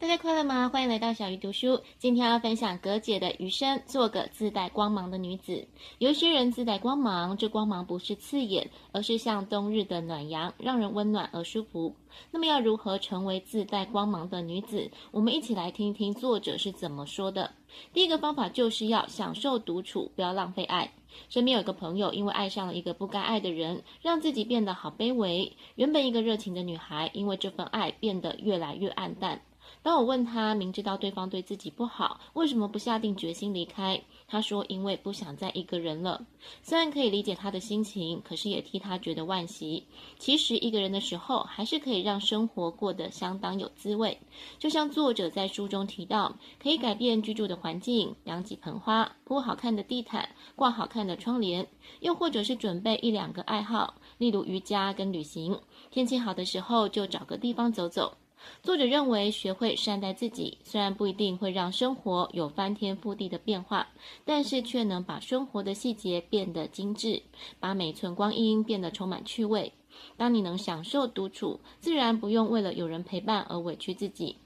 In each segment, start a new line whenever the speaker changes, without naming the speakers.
大家快樂嗎？歡迎來到小魚讀書。今天要分享格姐的《餘生做個自帶光芒的女子》。有些人自帶光芒，這光芒不是刺眼，而是像冬日的暖陽，讓人溫暖而舒服。那麼要如何成為自帶光芒的女子？我們一起來聽一聽作者是怎麼說的。第一個方法就是要享受獨處，不要浪費愛。身邊有一個朋友，因為愛上了一個不該愛的人，讓自己變得好卑微。原本一個熱情的女孩，因為這份愛變得越來越暗淡。當我問他，明知道對方對自己不好，為什麼不下定決心離開？他說：“因為不想再一個人了。”雖然可以理解他的心情，可是也替他覺得惋惜。其實一個人的時候，還是可以讓生活過得相當有滋味。就像作者在書中提到，可以改變居住的環境，養幾盆花，鋪好看的地毯，掛好看的窗簾，又或者是準備一兩個愛好，例如瑜伽跟旅行。天氣好的時候，就找個地方走走。作者認為，學會善待自己，雖然不一定會讓生活有翻天覆地的變化，但是卻能把生活的細節變得精致，把每寸光陰變得充滿趣味。當你能享受獨處，自然不用為了有人陪伴而委屈自己。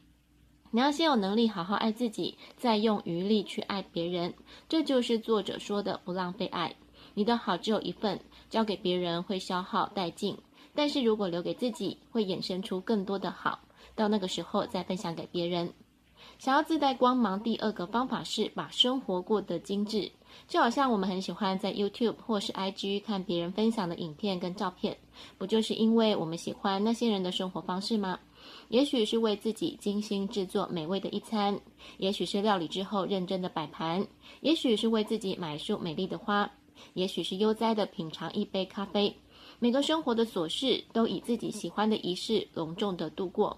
你要先有能力好好愛自己，再用餘力去愛別人。這就是作者說的“不浪費愛”。你的好只有一份，交給別人會消耗殆盡，但是如果留給自己，會衍生出更多的好。到那個時候再分享給別人。想要自帶光芒，第二個方法是把生活過得精致。就好像我們很喜歡在 YouTube 或是 IG 看別人分享的影片跟照片，不就是因為我們喜歡那些人的生活方式嗎？也許是為自己精心制作美味的一餐，也許是料理之後認真的擺盤，也許是為自己買束美麗的花，也許是悠哉的品嘗一杯咖啡。每個生活的瑣事都以自己喜歡的儀式隆重的度過。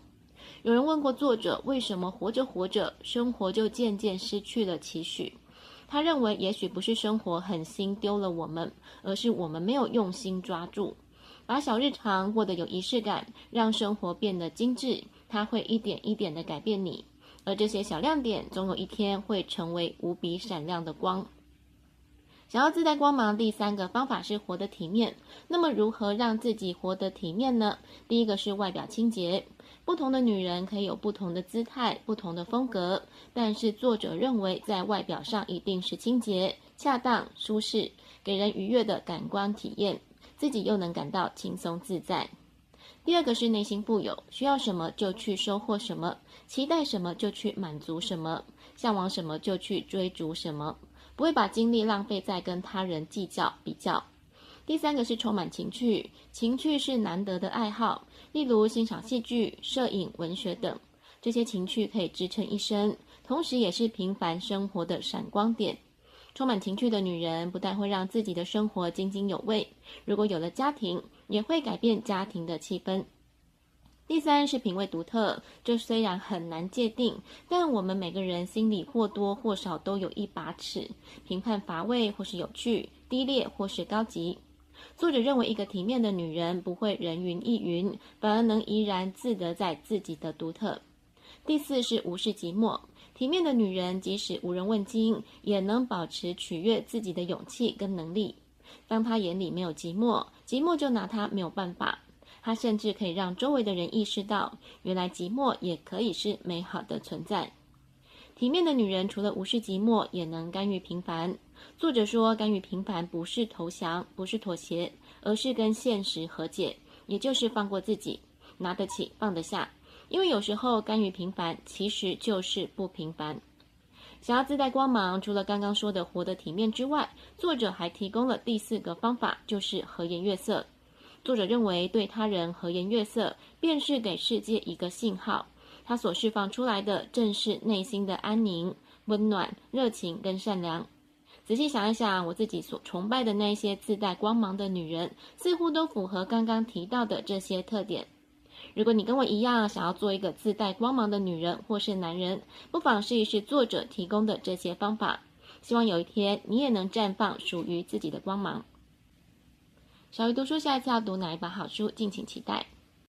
有人問過作者，為什麼活着活着,生活就漸漸失去了期許？他認為，也許不是生活狠心丟了我們，而是我們沒有用心抓住，把小日常過得有儀式感，讓生活變得精致，它會一點一點的改變你。而這些小亮點，總有一天會成為無比閃亮的光。想要自帶光芒，第三個方法是活得體面。那麼，如何讓自己活得體面呢？第一個是外表清潔。不同的女人可以有不同的姿態、不同的風格，但是作者認為，在外表上一定是清潔、恰當、舒適，給人愉悅的感官體驗，自己又能感到輕鬆自在。第二個是內心富有，需要什麼就去收穫什麼，期待什麼就去滿足什麼，嚮往什麼就去追逐什麼，不會把精力浪費在跟他人計較比較。第三個是充滿情趣，情趣是難得的愛好，例如欣賞戲劇、攝影、文學等，這些情趣可以支撐一生，同時也是平凡生活的閃光點。充滿情趣的女人不但會讓自己的生活津津有味，如果有了家庭，也會改變家庭的氣氛。第三是品味獨特，這雖然很難界定，但我們每個人心裡或多或少都有一把尺，評判乏味或是有趣，低劣或是高級。作者認為，一個體面的女人不會人云亦云，反而能怡然自得在自己的獨特。第四是無視寂寞。體面的女人即使無人問津，也能保持取悅自己的勇氣跟能力。當她眼裡沒有寂寞，寂寞就拿她沒有辦法。她甚至可以讓周圍的人意識到，原來寂寞也可以是美好的存在。體面的女人除了無視寂寞，也能甘於平凡。作者說：“甘於平凡不是投降，不是妥協，而是跟現實和解，也就是放過自己，拿得起放得下。因為有時候甘於平凡其實就是不平凡。想要自帶光芒，除了剛剛說的活得體面之外，作者還提供了第四個方法，就是和顏悅色。作者認為，對他人和顏悅色，便是給世界一個信號，他所釋放出來的正是內心的安寧、溫暖、熱情跟善良。”仔細想一想，我自己所崇拜的那些自帶光芒的女人，似乎都符合剛剛提到的這些特點。如果你跟我一樣想要做一個自帶光芒的女人或是男人，不妨試一試作者提供的這些方法。希望有一天你也能綻放屬於自己的光芒。小魚讀書，下一次要讀哪一本好書，敬請期待。